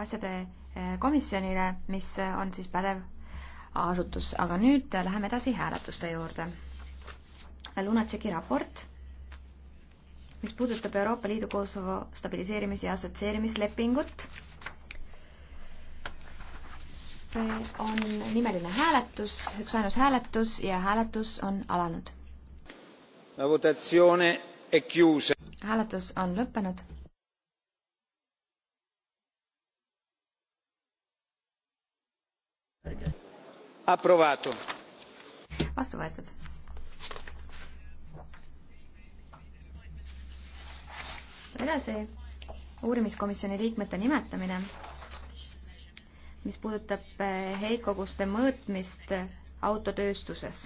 asjade eh, komisjonile, mis eh, on siis pädev asutus, aga nüüd läheme edasi hääletuste juurde. Lunatšeki raport, mis puudutab Euroopa Liidu Kosovo stabiliseerimis- ja assotsieerimislepingut. see on nimeline hääletus, üksainus hääletus ja hääletus on alanud. hääletus on lõppenud approvato. vastu võetud. edasi uurimiskomisjoni liikmete nimetamine, mis puudutab eh, heitkoguste mõõtmist autotööstuses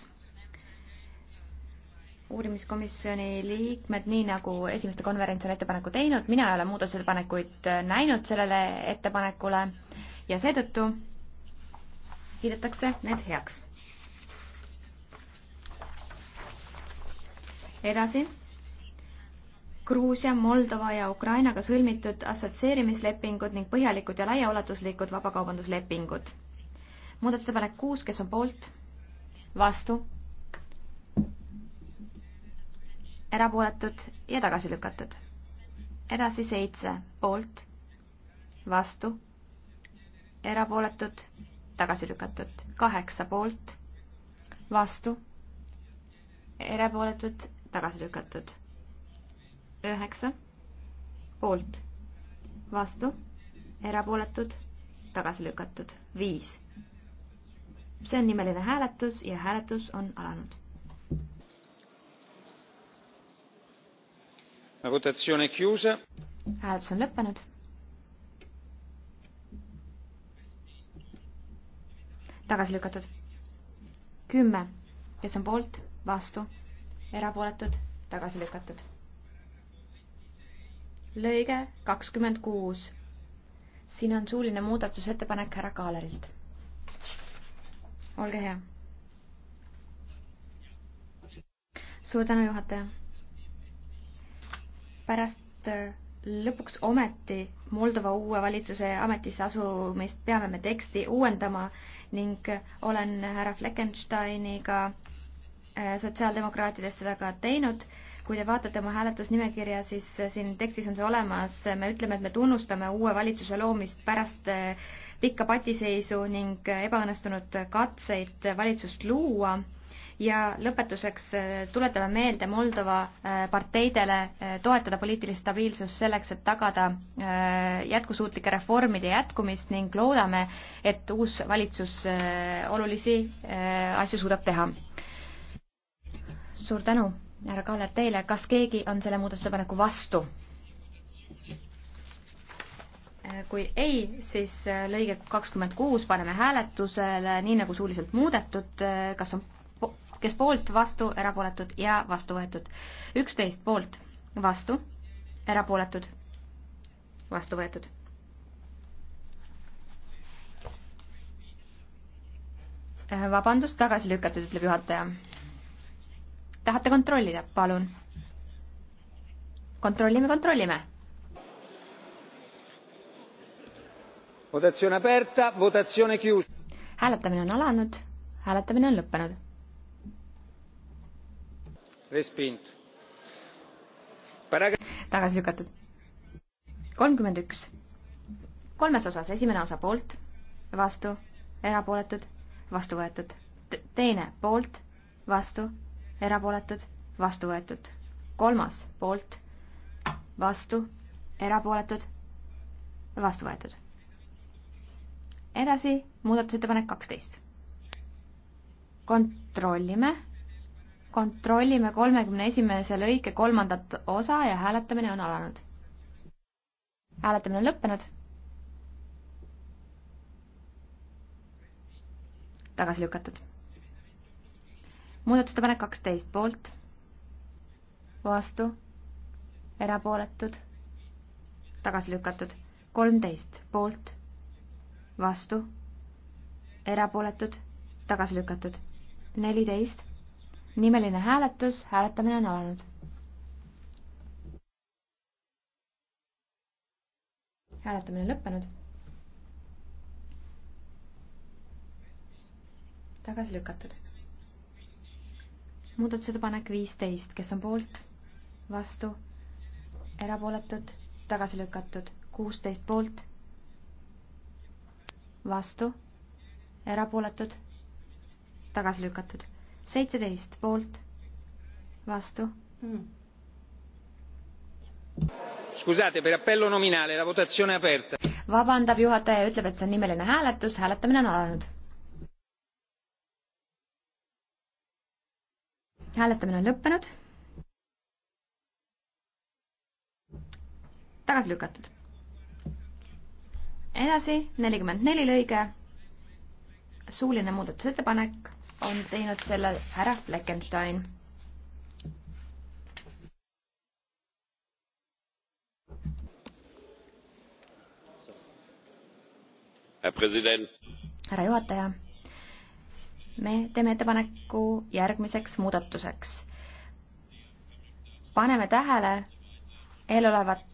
uurimiskomisjoni liikmed, nii nagu esimeste konverents on ettepaneku teinud, mina ei ole muudatusettepanekuid eh, näinud sellele ettepanekule ja seetõttu kiidetakse need heaks. edasi. Gruusia, Moldova ja Ukrainaga sõlmitud assotsieerimislepingud ning põhjalikud ja laiaulatuslikud vabakaubanduslepingud. muudatusettepanek kuus, kes on poolt? vastu? erapooletud ja tagasi lükatud. edasi seitse, poolt? vastu? erapooletud tagasi lükatud. kaheksa poolt, vastu, erapooletud, tagasi lükatud. üheksa poolt, vastu, erapooletud, tagasi lükatud. viis. see on nimeline hääletus ja hääletus on alanud. hääletus on lõppenud tagasi lükatud. kümme, kes on poolt, vastu, erapooletud, tagasi lükatud. lõige kakskümmend kuus. siin on suuline muudatusettepanek härra Kaalerilt. olge hea. suur tänu, juhataja. pärast äh, lõpuks ometi Moldova uue valitsuse ametisse asumist peame me teksti uuendama ning olen härra Fleckensteiniga äh, sotsiaaldemokraatidest seda ka teinud. kui te vaatate oma hääletusnimekirja, siis äh, siin tekstis on see olemas, me ütleme, et me tunnustame uue valitsuse loomist pärast äh, pikka patiseisu ning ebaõnnestunud katseid valitsust luua ja lõpetuseks äh, tuletame meelde Moldova äh, parteidele äh, toetada poliitilist stabiilsust selleks, et tagada jätkusuutlike reformide jätkumist ning loodame, et uus valitsus olulisi asju suudab teha. suur tänu, härra Kaaler, teile, kas keegi on selle muudatusettepaneku vastu? kui ei, siis lõige kakskümmend kuus paneme hääletusele, nii nagu suuliselt muudetud, kas on kes poolt, vastu, erapooletud ja vastu võetud. üksteist poolt, vastu, erapooletud, vastu võetud. vabandust, tagasi lükatud, ütleb juhataja. tahate kontrollida, palun? kontrollime, kontrollime votazione aperta votazione chiusa hääletamine on alanud hääletamine on lõppenud tagasi lükatud. kolmkümmend üks. kolmes osas, esimene osa poolt, vastu, erapooletud, vastu võetud. teine poolt, vastu, erapooletud, vastu võetud. kolmas poolt, vastu, erapooletud, vastu võetud. edasi muudatusettepanek kaksteist. kontrollime kontrollime kolmekümne esimese lõike kolmandat osa ja hääletamine on alanud. hääletamine on lõppenud. tagasi lükatud. muudatusettepanek kaksteist poolt, vastu, erapooletud, tagasi lükatud, kolmteist poolt, vastu, erapooletud, tagasi lükatud, neliteist nimeline hääletus, hääletamine on alanud. hääletamine lõppenud. tagasi lükatud. muudatusettepanek viisteist, kes on poolt, vastu, erapooletud, tagasi lükatud, kuusteist poolt, vastu, erapooletud, tagasi lükatud seitseteist poolt, vastu mm.. Scusate, per appello nominale, la votazione è aperta. vabandab juhataja ja ütleb, et see on nimeline hääletus, hääletamine on alanud. hääletamine on lõppenud. tagasi lükatud. edasi, nelikümmend neli lõige, suuline muudatusettepanek on teinud selle härra Fleckenstein. härra juhataja, me teeme ettepaneku järgmiseks muudatuseks. paneme tähele eelolevat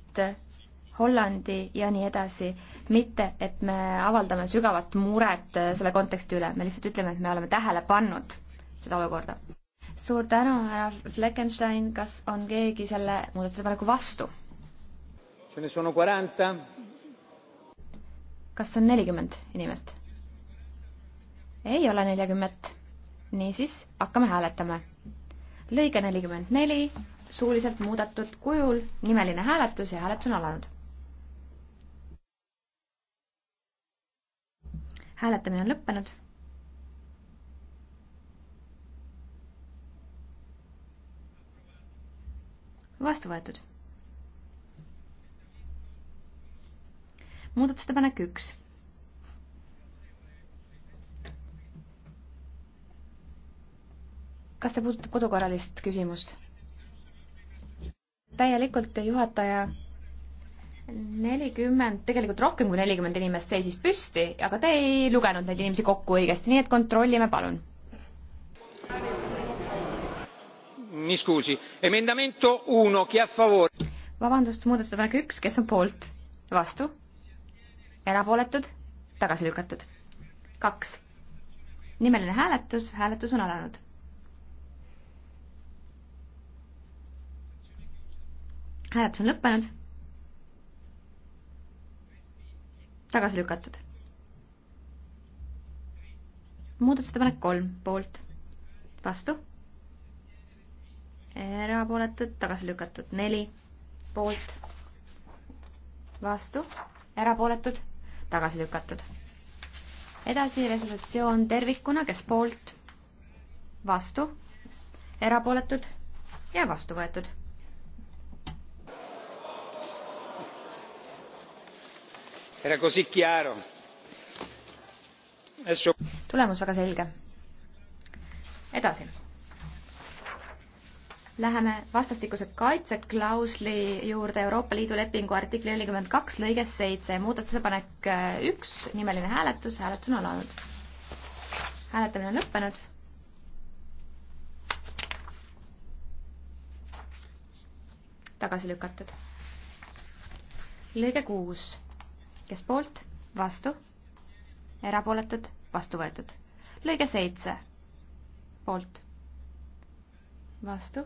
Hollandi ja nii edasi, mitte et me avaldame sügavat muret äh, selle konteksti üle, me lihtsalt ütleme, et me oleme tähele pannud seda olukorda. suur tänu, härra Fleckenstein, kas on keegi selle muudatusettepaneku vastu? kas on nelikümmend inimest? ei ole neljakümmet. niisiis, hakkame hääletama. lõige nelikümmend neli, suuliselt muudetud kujul, nimeline hääletus ja hääletus on alanud hääletamine on lõppenud. vastu võetud. muudatusettepanek üks. kas see puudutab kodukorralist küsimust? täielikult juhataja nelikümmend, tegelikult rohkem kui nelikümmend inimest seisis püsti, aga te ei lugenud neid inimesi kokku õigesti, nii et kontrollime palun. vabandust, muudatusettepanek üks, kes on poolt, vastu, erapooletud, tagasi lükatud. kaks, nimeline hääletus, hääletus on alanud. hääletus on lõppenud tagasi lükatud. muudatusettepanek kolm poolt, vastu, erapooletud, tagasi lükatud, neli poolt, vastu, erapooletud, tagasi lükatud. edasi resolutsioon tervikuna, kes poolt, vastu, erapooletud ja vastu võetud tulemus väga selge. edasi. Läheme vastastikuse kaitse klausli juurde Euroopa Liidu lepingu artikli nelikümmend kaks lõiges seitse, muudatusepanek äh, üks, nimeline hääletus, hääletus on alanud. hääletamine on lõppenud. tagasi lükatud. lõige kuus kes poolt, vastu, erapooletud, vastu võetud. lõige seitse, poolt, vastu,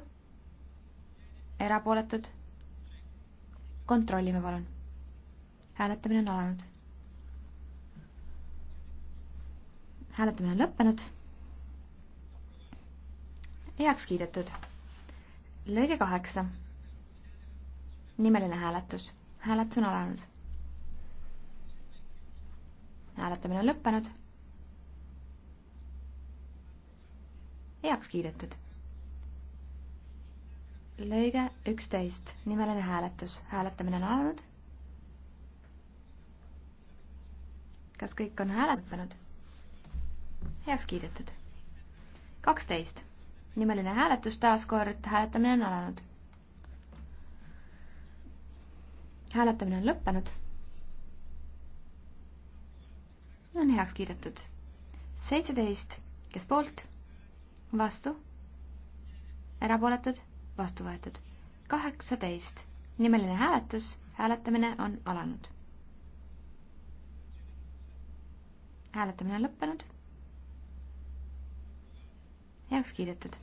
erapooletud. kontrollime, palun. hääletamine on alanud. hääletamine on lõppenud. heaks kiidetud. lõige kaheksa nimeline hääletus. hääletus on alanud hääletamine on lõppenud. heaks kiidetud. lõige üksteist, nimeline hääletus, hääletamine on alanud. kas kõik on hääletanud? heaks kiidetud. kaksteist, nimeline hääletus, taas kord hääletamine on alanud. hääletamine on lõppenud on heaks kiidetud. seitseteist, kes poolt, vastu, erapooletud, vastu võetud. kaheksateist, nimeline hääletus, hääletamine on alanud. hääletamine on lõppenud. heaks kiidetud.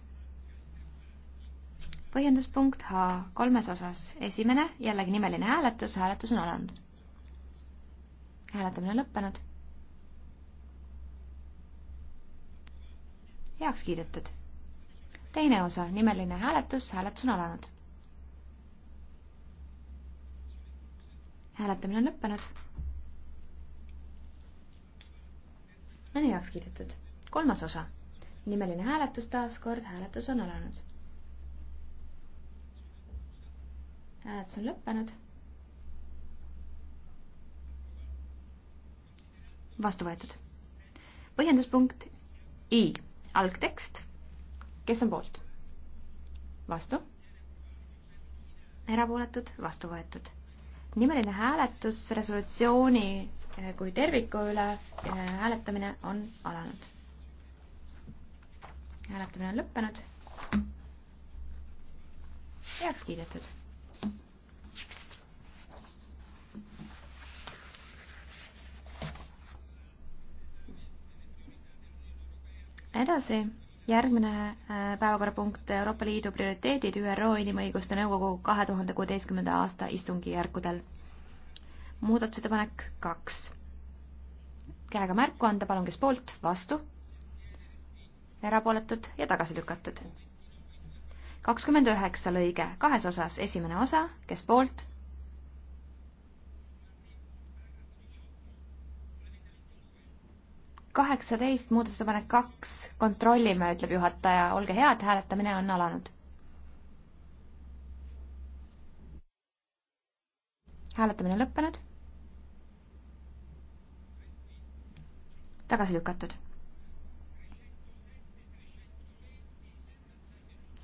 põhjenduspunkt H kolmes osas, esimene jällegi nimeline hääletus, hääletus on alanud. hääletamine on lõppenud heaks kiidetud. teine osa, nimeline hääletus, hääletus on alanud. hääletamine on lõppenud. on heaks kiidetud. kolmas osa, nimeline hääletus, taaskord hääletus on alanud. hääletus on lõppenud. vastu võetud. põhjenduspunkt I algtekst, kes on poolt? vastu? erapooletud, vastu võetud. nimeline hääletus resolutsiooni eh, kui terviku üle eh, hääletamine on alanud. hääletamine on lõppenud. heaks kiidetud edasi, järgmine äh, päevakorrapunkt Euroopa Liidu prioriteedid ÜRO Inimõiguste Nõukogu kahe tuhande kuueteistkümnenda aasta istungijärkudel. muudatusettepanek kaks. käega märku anda, palun, kes poolt, vastu, erapooletud ja tagasi lükatud. kakskümmend üheksa lõige, kahes osas, esimene osa, kes poolt, kaheksateist, muudatusettepanek kaks, kontrollime, ütleb juhataja, olge head, hääletamine on alanud. hääletamine on lõppenud. tagasi lükatud.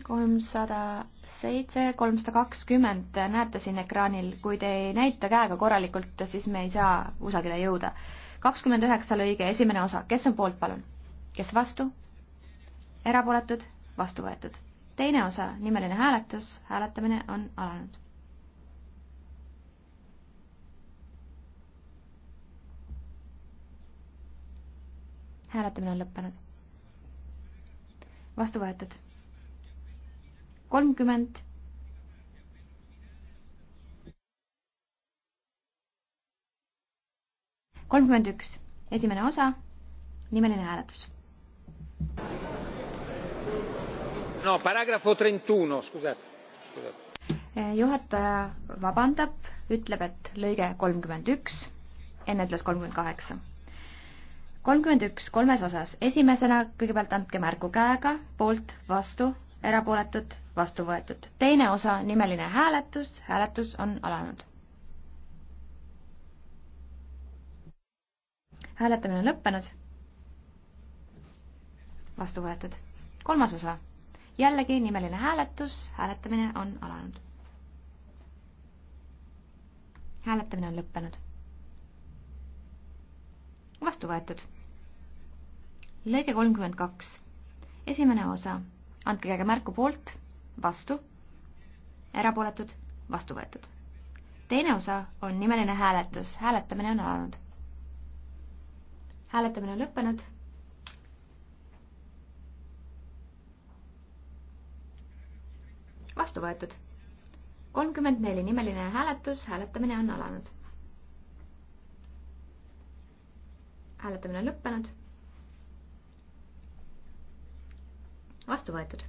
kolmsada seitse, kolmsada kakskümmend näete siin ekraanil, kui te ei näita käega korralikult, siis me ei saa kusagile jõuda kakskümmend üheksa lõige esimene osa, kes on poolt, palun? kes vastu? erapooletud, vastu võetud. teine osa, nimeline hääletus, hääletamine on alanud. hääletamine on lõppenud. vastu võetud. kolmkümmend kolmkümmend üks, esimene osa, nimeline hääletus. no paragrahv trentuno, scusate, scusate eh, juhataja vabandab, ütleb, et lõige kolmkümmend üks, enne ütles kolmkümmend kaheksa. kolmkümmend üks kolmes osas, esimesena kõigepealt andke märku käega, poolt, vastu, erapooletud, vastu võetud. teine osa, nimeline hääletus, hääletus on alanud hääletamine on lõppenud. vastu võetud. kolmas osa. jällegi nimeline hääletus, hääletamine on alanud. hääletamine on lõppenud. vastu võetud. lõige kolmkümmend kaks. esimene osa. andke käega märku poolt, vastu, erapooletud, vastu võetud teine osa on nimeline hääletus. hääletamine on alanud hääletamine on lõppenud. vastu võetud. kolmkümmend neli nimeline hääletus, hääletamine on alanud. hääletamine on lõppenud. vastu võetud.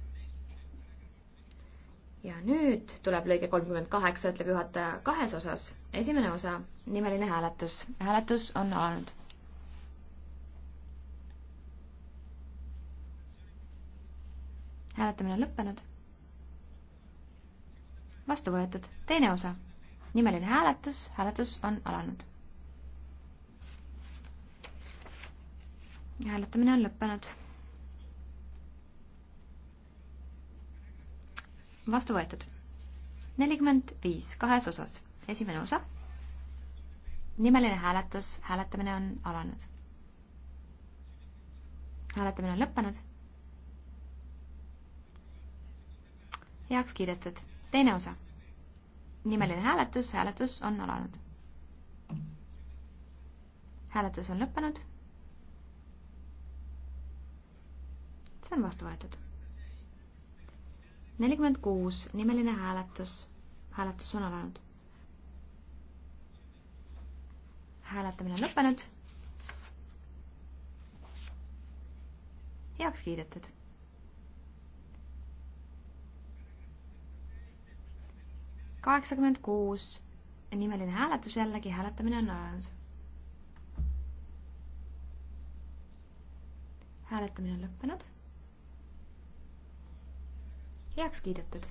ja nüüd tuleb lõige kolmkümmend kaheksa, ütleb juhataja kahes osas. esimene osa, nimeline hääletus. hääletus on alanud. hääletamine on lõppenud. vastu võetud, teine osa, nimeline hääletus, hääletus on alanud. hääletamine on lõppenud. vastu võetud. nelikümmend viis kahes osas, esimene osa. nimeline hääletus, hääletamine on alanud. hääletamine on lõppenud heaks kiidetud. teine osa. nimeline hääletus, hääletus on alanud. hääletus on lõppenud. see on vastu võetud. nelikümmend kuus, nimeline hääletus, hääletus on alanud. hääletamine on lõppenud. heaks kiidetud kaheksakümmend kuus, nimeline hääletus jällegi, hääletamine on alanud. hääletamine on lõppenud. heaks kiidetud.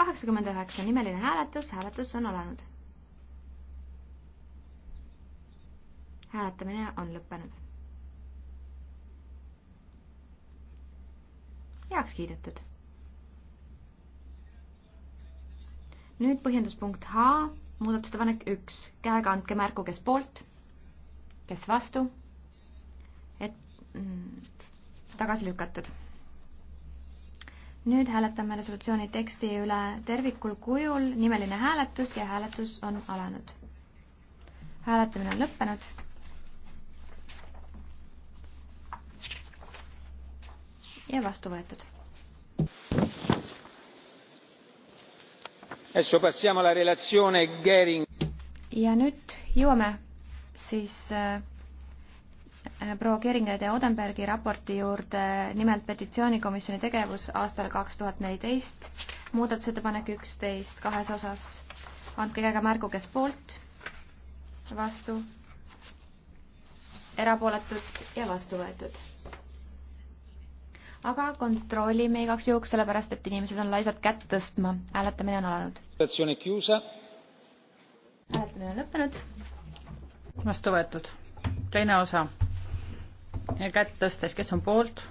kaheksakümmend üheksa, nimeline hääletus, hääletus on alanud. hääletamine on lõppenud. heaks kiidetud nüüd põhjenduspunkt H, muudatusettepanek üks, käega andke märku, kes poolt, kes vastu, et mm, tagasi lükatud. nüüd hääletame resolutsiooni teksti üle tervikul kujul, nimeline hääletus ja hääletus on alanud. hääletamine on lõppenud ja vastu võetud ja nüüd jõuame siis äh, äh, proua Keringeri ja Odenbergi raporti juurde, nimelt petitsioonikomisjoni tegevus aastal kaks tuhat neliteist, muudatusettepanek üksteist kahes osas. andke käega märgu, kes poolt, vastu, erapooletud ja vastu võetud aga kontrollime igaks juhuks, sellepärast et inimesed on laisad kätt tõstma. hääletamine on alanud. hääletamine on lõppenud. vastu võetud. teine osa. kätt tõstes, kes on poolt,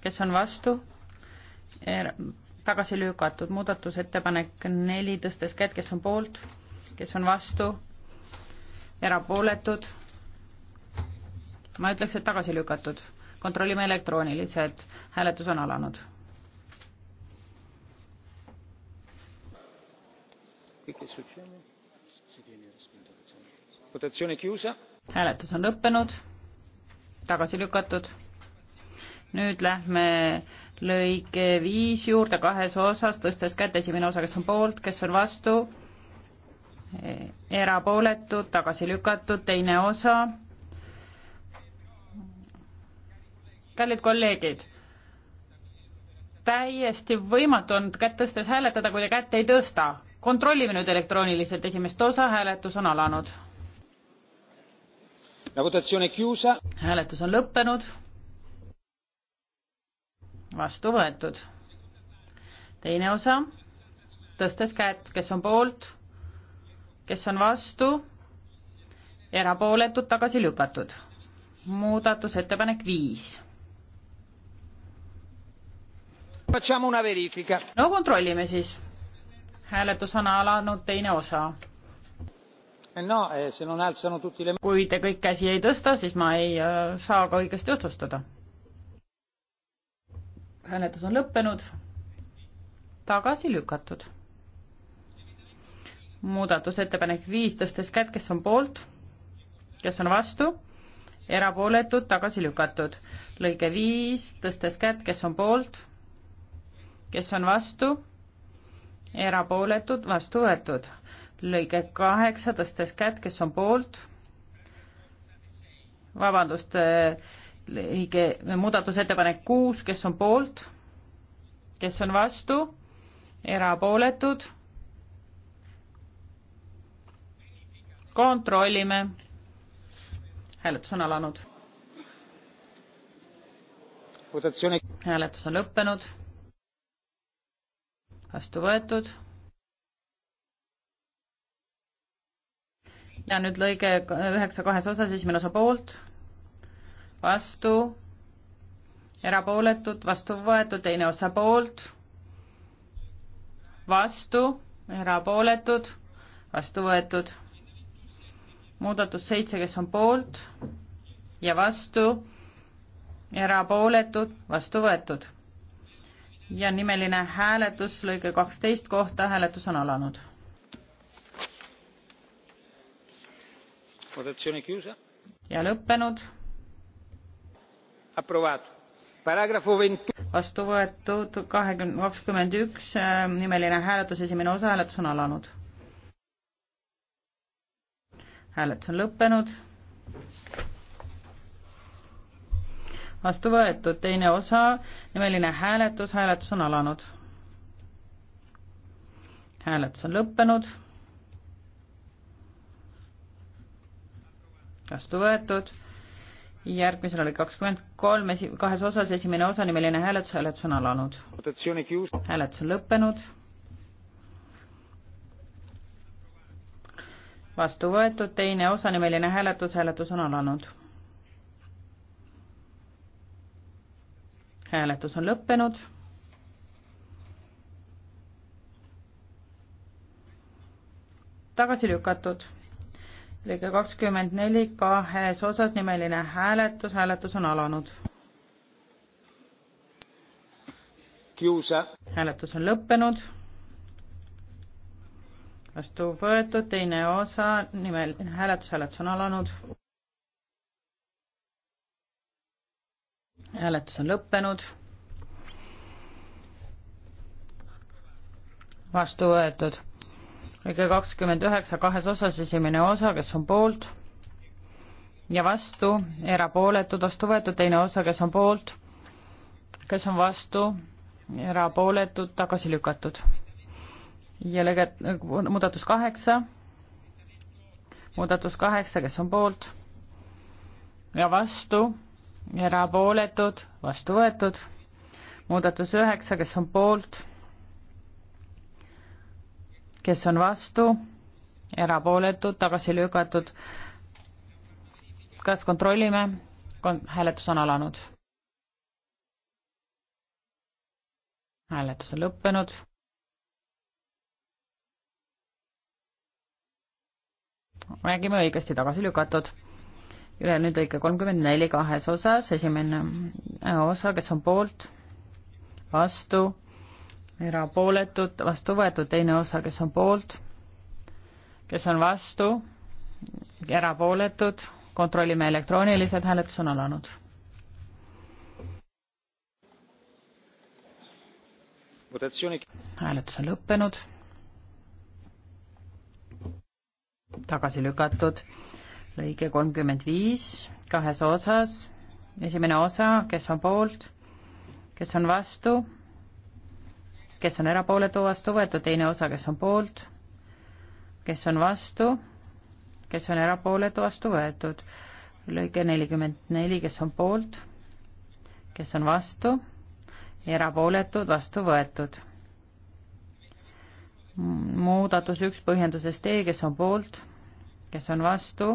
kes on vastu? tagasi lükatud muudatusettepanek neli, tõstes kätt, kes on poolt, kes on vastu, erapooletud. ma ütleks, et tagasi lükatud kontrollime elektrooniliselt, hääletus on alanud. hääletus on lõppenud, tagasi lükatud. nüüd lähme lõike viis juurde kahes osas, tõstes kätt, esimene osa, kes on poolt, kes on vastu, erapooletud, tagasi lükatud, teine osa kallid kolleegid, täiesti võimatu on kätt tõstes hääletada, kui te kätt ei tõsta. kontrollime nüüd elektrooniliselt esimest osa, hääletus on alanud. hääletus on lõppenud. vastu võetud. teine osa, tõstes kätt, kes on poolt, kes on vastu, erapooletud, tagasi lükatud muudatusettepanek viis no kontrollime siis. hääletus on alanud, teine osa. Eh, eh, kui te kõik käsi ei tõsta, siis ma ei eh, saa ka õigesti otsustada. hääletus on lõppenud. tagasi lükatud. muudatusettepanek viis, tõstes kätt, kes on poolt, kes on vastu erapooletud tagasi lükatud. lõige viis, tõstes kätt, kes on poolt, kes on vastu, erapooletud, vastu võetud. lõige kaheksa, tõstes kätt, kes on poolt, vabandust, lõige, muudatusettepanek kuus, kes on poolt, kes on vastu, erapooletud, kontrollime, hääletus on alanud. hääletus on lõppenud vastu võetud. ja nüüd lõige üheksa kahes osas, esimene osa poolt, vastu, erapooletud, vastu võetud, teine osa poolt, vastu, erapooletud, vastu võetud. muudatus seitse, kes on poolt ja vastu, erapooletud, vastu võetud ja nimeline hääletus lõige kaksteist kohta, hääletus on alanud. ja lõppenud. vastu võetud kahekümne, kakskümmend üks, äh, nimeline hääletus, esimene osa hääletus on alanud. hääletus on lõppenud vastu võetud, teine osa, nimeline hääletus, hääletus on alanud. hääletus on lõppenud. vastu võetud, järgmisel oli kakskümmend kolm, esi-, kahes osas, esimene osa, nimeline hääletus, hääletus on alanud. hääletus on lõppenud. vastu võetud, teine osa, nimeline hääletus, hääletus on alanud hääletus on lõppenud. tagasi lükatud. lõige kakskümmend neli kahes osas nimeline hääletus, hääletus on alanud. hääletus on lõppenud. vastu võetud teine osa, nimel hääletus, hääletus on alanud. hääletus on lõppenud. vastu võetud. lõige kakskümmend üheksa kahes osas, esimene osa, kes on poolt ja vastu, erapooletud, vastu võetud, teine osa, kes on poolt, kes on vastu, erapooletud, tagasi lükatud. ja lõige, muudatus kaheksa, muudatus kaheksa, kes on poolt ja vastu erapooletud, vastu võetud. muudatus üheksa, kes on poolt, kes on vastu, erapooletud, tagasi lükatud. kas kontrollime? hääletus on alanud. hääletus on lõppenud. räägime õigesti, tagasi lükatud ülejäänud lõike kolmkümmend neli kahes osas, esimene äh, osa, kes on poolt, vastu, erapooletud, vastu võetud, teine osa, kes on poolt, kes on vastu, erapooletud, kontrollime elektrooniliselt, hääletus on alanud. hääletus on lõppenud. tagasi lükatud lõige kolmkümmend viis kahes osas. esimene osa, kes on poolt, kes on vastu, kes on erapooletu vastu võetud, teine osa, kes on poolt, kes on vastu, kes on erapooletu vastu võetud. lõige nelikümmend neli, kes on poolt, kes on vastu, erapooletud vastu võetud muudatus üks põhjenduses D, kes on poolt, kes on vastu,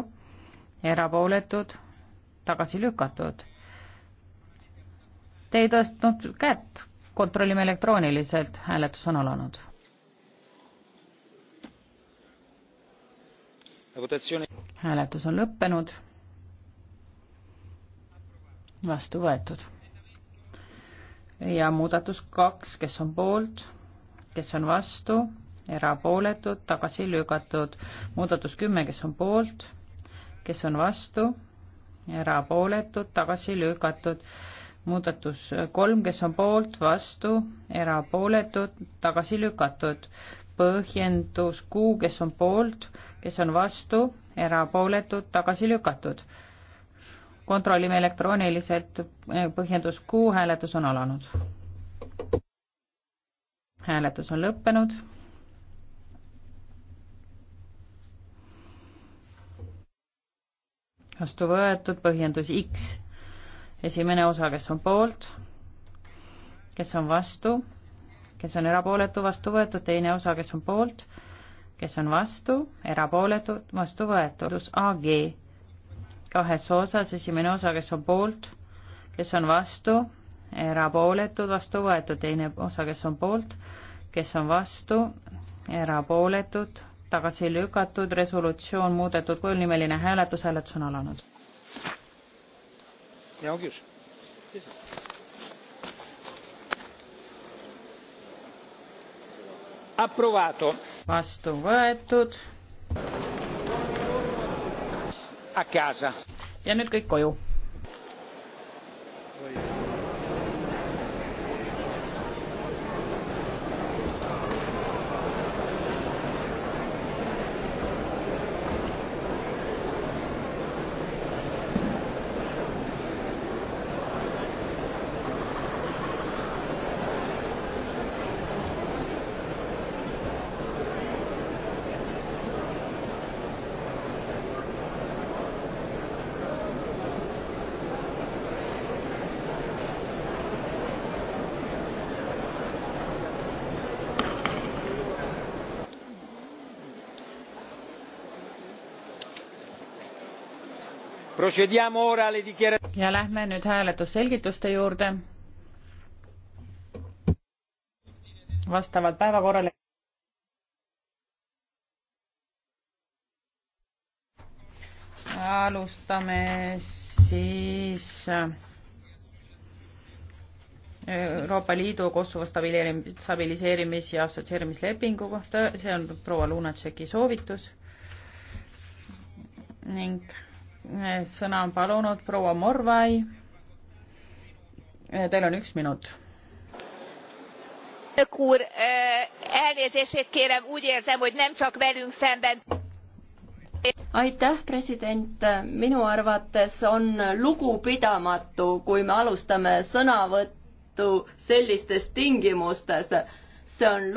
erapooletud, tagasi lükatud. Te ei tõstnud kätt, kontrollime elektrooniliselt, hääletus on alanud. hääletus on lõppenud. vastu võetud. ja muudatus kaks, kes on poolt, kes on vastu, erapooletud, tagasi lükatud. muudatus kümme, kes on poolt kes on vastu, erapooletud, tagasi lükatud. muudatus kolm, kes on poolt, vastu, erapooletud, tagasi lükatud. põhjendus kuu, kes on poolt, kes on vastu, erapooletud, tagasi lükatud. kontrollime elektrooniliselt, põhjendus kuu, hääletus on alanud. hääletus on lõppenud vastu võetud, põhjendus X, esimene osa, kes on poolt, kes on vastu, kes on erapooletu, vastu võetud, teine osa, kes on poolt, kes on vastu, erapooletu, vastu võetud, pluss AG kahes osas, esimene osa, kes on poolt, kes on vastu, erapooletud, vastu võetud, teine osa, kes on poolt, kes on vastu, erapooletud, tagasi lükatud, resolutsioon muudetud kujul, nimeline hääletus, hääletus on alanud. Approvato. vastu võetud. ja nüüd kõik koju. ja lähme nüüd hääletusselgituste juurde. vastavalt päevakorrale. alustame siis äh, Euroopa Liidu Kosovo stabiliseerimis- ja assotsieerimislepingu kohta, see on proua Lunatšeki soovitus ning sõna on palunud proua Morvai. Teil on üks minut. aitäh, president, minu arvates on lugupidamatu, kui me alustame sõnavõttu sellistes tingimustes. see on